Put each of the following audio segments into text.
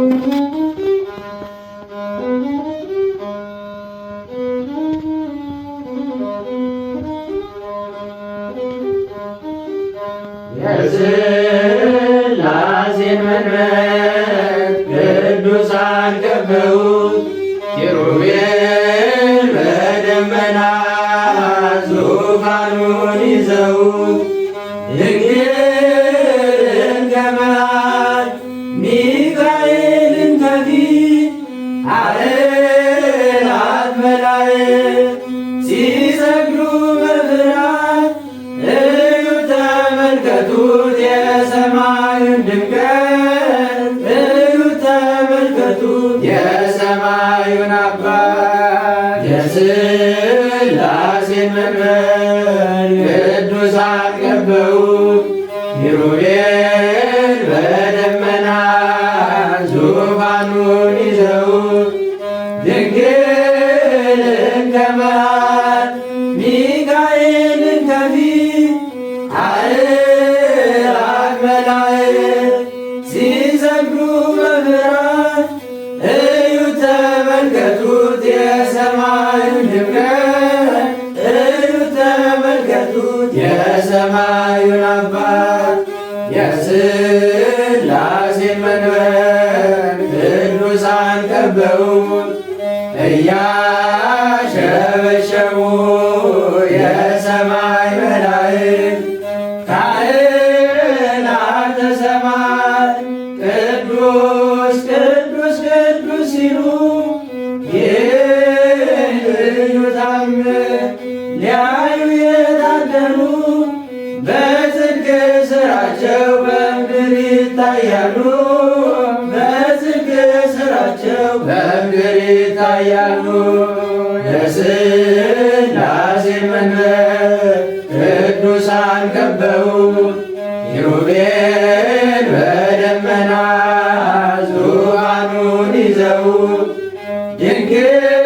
የሥላሴን መንበር ቅዱሳን ከበቡት ኪሩቤል በደመና ዙፋኑን ይዘውት ድንግል የእግዚአብሔርን ድንቀት እዩ ተመልከቱ። የሰማዩን አባት የሥላሴ መንበር ቅዱሳን ገበው ኪሩቤል በደመና ዙፋኑን ይዘው ድንግልን ከመሃል ሚካኤልን ከፊት ተመልከቱት የሰማዩን ድምቀት፣ እዩት ተመልከቱት የሰማዩን አባት የሥላሴ መንበር ቅዱሳን ከበውት እያሸበሸቡ ሊያዩ የታደሉ በጽድቅ ስራቸው በምድር ይታያሉ። በጽድቅ ስራቸው በምድር ይታያሉ። ለስላሴ መንበር ቅዱሳን ከበው ኪሩቤል በደመና ዙፋኑን ይዘው ድንግል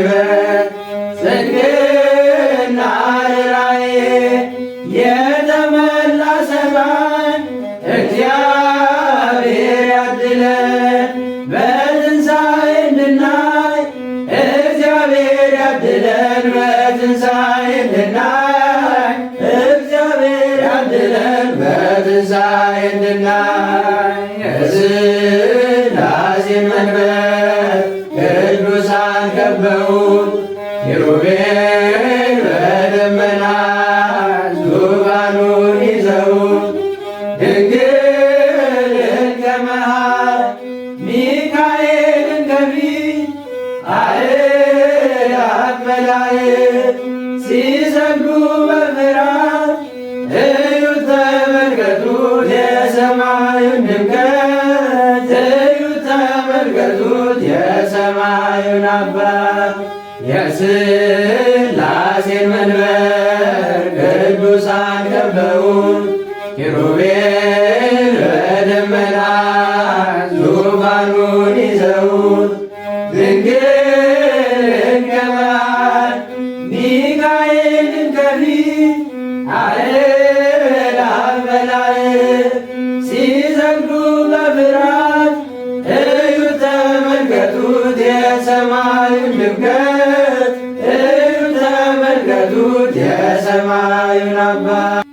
ክብር ጽድቅና ርራዬ የተመላ ሰማይ እግዚአብሔር ያድለን በትንሣኤ እንድናይ እግዚአብሔር ያድለን በትንሣኤ እንድናይ እግዚአብሔር ያድለን በትንሣኤ እንድናይ የሥላሴ መንበር ኪሩቤል በደመና ዙፋኑን ይዘው ድንግል እንተ አእላፍ መላእክት ሲሰግዱ በፍርሃት እዩት ተመልከቱ የሰማዩን ድምቀት ተመልከቱት የሰማዩን አባ የሥላሴን መንበር ቅዱሳን ከበውን ኪሩቤል በደመና ዙፋኑን ይዘውን ድንግል ከመሃል ሚካኤል ከፊት አብ በላይ ሲዘግዱ በፍርሃት የሰማዩን አባ